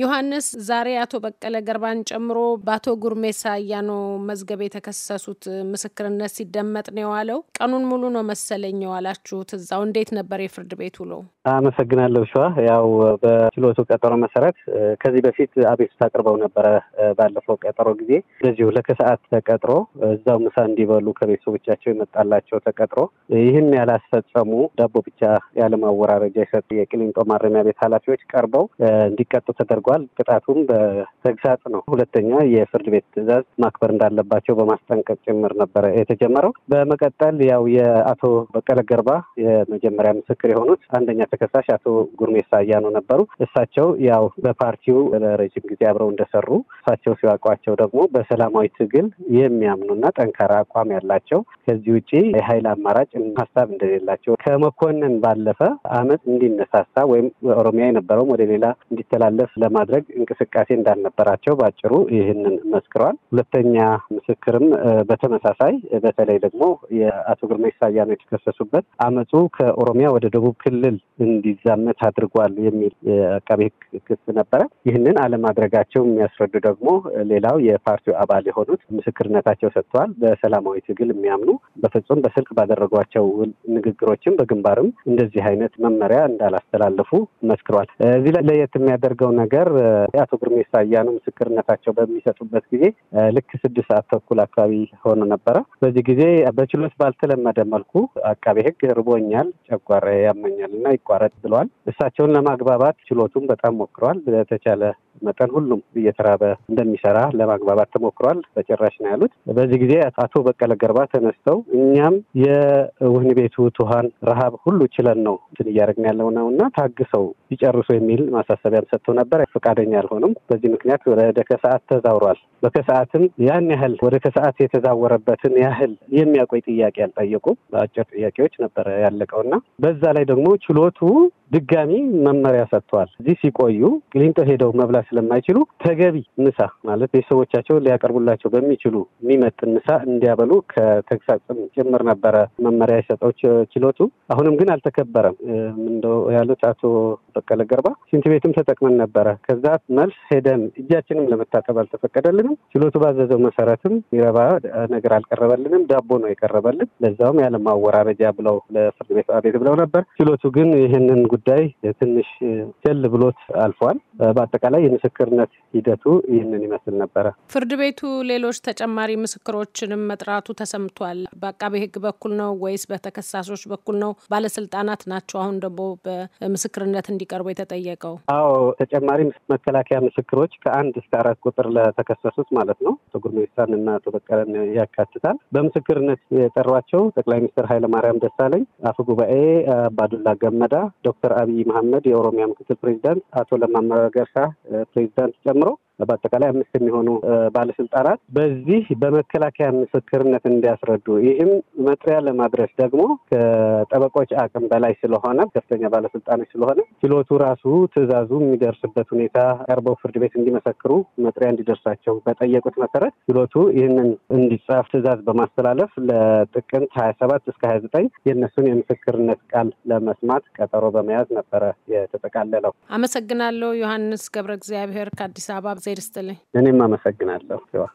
ዮሐንስ ዛሬ አቶ በቀለ ገርባን ጨምሮ በአቶ ጉርሜሳ አያኖ መዝገብ የተከሰሱት ምስክርነት ሲደመጥ ነው የዋለው። ቀኑን ሙሉ ነው መሰለኝ የዋላችሁት እዛው። እንዴት ነበር የፍርድ ቤት ውሎ? አመሰግናለሁ። ሸዋ ያው በችሎቱ ቀጠሮ መሰረት ከዚህ በፊት አቤቱታ አቅርበው ነበረ። ባለፈው ቀጠሮ ጊዜ እንደዚሁ ለከሰዓት ተቀጥሮ እዛው ምሳ እንዲበሉ ከቤተሰቦቻቸው የመጣላቸው ተቀጥሮ ይህን ያላስፈጸሙ ዳቦ ብቻ ያለማወራረጃ የሰጡ የቅሊንጦ ማረሚያ ቤት ኃላፊዎች ቀርበው እንዲቀጡ ተደርጓል። ቅጣቱም በተግሳጽ ነው። ሁለተኛ የፍርድ ቤት ትዕዛዝ ማክበር እንዳለባቸው በማስጠንቀቅ ጭምር ነበረ የተጀመረው። በመቀጠል ያው የአቶ በቀለ ገርባ የመጀመሪያ ምስክር የሆኑት አንደኛ ተከሳሽ አቶ ጉርሜሳ አያኖ ነበሩ። እሳቸው ያው በፓርቲው ለረጅም ጊዜ አብረው እንደሰሩ እሳቸው ሲዋቋቸው ደግሞ በሰላማዊ ትግል የሚያምኑና ጠንካራ አቋም ያላቸው ከዚህ ውጭ የኃይል አማራጭ ሀሳብ እንደሌላቸው ከመኮንን ባለፈ አመፅ እንዲነሳሳ ወይም ኦሮሚያ የነበረውም ወደ ሌላ እንዲተላለፍ ለማድረግ እንቅስቃሴ እንዳልነበራቸው በአጭሩ ይህንን መስክሯል። ሁለተኛ ምስክርም በተመሳሳይ በተለይ ደግሞ የአቶ ግርማ ኢሳያስ ነው የተከሰሱበት አመፁ ከኦሮሚያ ወደ ደቡብ ክልል እንዲዛመት አድርጓል የሚል የአቃቤ ህግ ክስ ነበረ። ይህንን አለማድረጋቸው የሚያስረዱ ደግሞ ሌላው የፓርቲው አባል የሆኑት ምስክርነታቸው ሰጥተዋል። በሰላማዊ ትግል የሚያምኑ በፍጹም በስልክ ባደረጓቸው ንግግሮችም በግንባርም እንደዚህ አይነት መመሪያ እንዳላስተላለፉ መስክሯል። እዚህ ላይ ለየት የሚያደርገው ነገር አቶ ጉርሜሳ አያኑ ምስክርነታቸው በሚሰጡበት ጊዜ ልክ ስድስት ሰዓት ተኩል አካባቢ ሆኖ ነበረ። በዚህ ጊዜ በችሎት ባልተለመደ መልኩ አቃቤ ህግ ርቦኛል፣ ጨጓራ ያመኛል እና ማቋረጥ ብለዋል። እሳቸውን ለማግባባት ችሎቱም በጣም ሞክረዋል። በተቻለ መጠን ሁሉም እየተራበ እንደሚሰራ ለማግባባት ተሞክሯል። በጭራሽ ነው ያሉት። በዚህ ጊዜ አቶ በቀለ ገርባ ተነስተው እኛም የውህን ቤቱ ትኋን ረሃብ ሁሉ ችለን ነው እንትን እያደረግን ያለው ነው እና ታግሰው ይጨርሱ የሚል ማሳሰቢያም ሰጥተው ነበር። ፈቃደኛ አልሆኑም። በዚህ ምክንያት ወደ ከሰዓት ተዛውሯል። በከሰዓትም ያን ያህል ወደ ከሰዓት የተዛወረበትን ያህል የሚያቆይ ጥያቄ አልጠየቁም። በአጭር ጥያቄዎች ነበረ ያለቀውና በዛ ላይ ደግሞ ችሎቱ ድጋሚ መመሪያ ሰጥተዋል። እዚህ ሲቆዩ ቅሊንጦ ሄደው መብላት ስለማይችሉ ተገቢ ምሳ ማለት ቤተሰቦቻቸው ሊያቀርቡላቸው በሚችሉ የሚመጥን ምሳ እንዲያበሉ ከተግሳጽም ጭምር ነበረ መመሪያ የሰጠው ችሎቱ። አሁንም ግን አልተከበረም። እንደው ያሉት አቶ በቀለ ገርባ ሽንት ቤትም ተጠቅመን ነበረ። ከዛ መልስ ሄደን እጃችንም ለመታጠብ አልተፈቀደልንም። ችሎቱ ባዘዘው መሰረትም ይረባ ነገር አልቀረበልንም። ዳቦ ነው የቀረበልን። ለዛውም ያለ ማወራረጃ ብለው ለፍርድ ቤት አቤት ብለው ነበር። ችሎቱ ግን ይህንን ጉዳይ ትንሽ ቸል ብሎት አልፏል። በአጠቃላይ የምስክርነት ሂደቱ ይህንን ይመስል ነበረ። ፍርድ ቤቱ ሌሎች ተጨማሪ ምስክሮችንም መጥራቱ ተሰምቷል። በአቃቤ ሕግ በኩል ነው ወይስ በተከሳሾች በኩል ነው? ባለስልጣናት ናቸው አሁን ደግሞ በምስክርነት እንዲቀርቡ የተጠየቀው? አዎ ተጨማሪ መከላከያ ምስክሮች ከአንድ እስከ አራት ቁጥር ለተከሰሱት ማለት ነው ጥቁር ሚኒስትራን እና አቶ በቀለን ያካትታል። በምስክርነት የጠሯቸው ጠቅላይ ሚኒስትር ኃይለማርያም ደሳለኝ፣ አፈ ጉባኤ አባዱላ ገመዳ፣ ዶክተር አብይ መሐመድ የኦሮሚያ ምክትል ፕሬዚዳንት፣ አቶ ለማ ደገፋ ፕሬዚዳንት ጨምሮ በአጠቃላይ አምስት የሚሆኑ ባለስልጣናት በዚህ በመከላከያ ምስክርነት እንዲያስረዱ ይህም መጥሪያ ለማድረስ ደግሞ ከጠበቆች አቅም በላይ ስለሆነ ከፍተኛ ባለስልጣኖች ስለሆነ ችሎቱ ራሱ ትዕዛዙ የሚደርስበት ሁኔታ ቀርበው ፍርድ ቤት እንዲመሰክሩ መጥሪያ እንዲደርሳቸው በጠየቁት መሰረት ችሎቱ ይህንን እንዲጻፍ ትዕዛዝ በማስተላለፍ ለጥቅምት ሀያ ሰባት እስከ ሀያ ዘጠኝ የእነሱን የምስክርነት ቃል ለመስማት ቀጠሮ በመያዝ ነበረ የተጠቃለለው። አመሰግናለሁ። ዮሐንስ ገብረ እግዚአብሔር ከአዲስ አበባ እግዚአብሔር ይስጥልኝ። እኔም አመሰግናለሁ።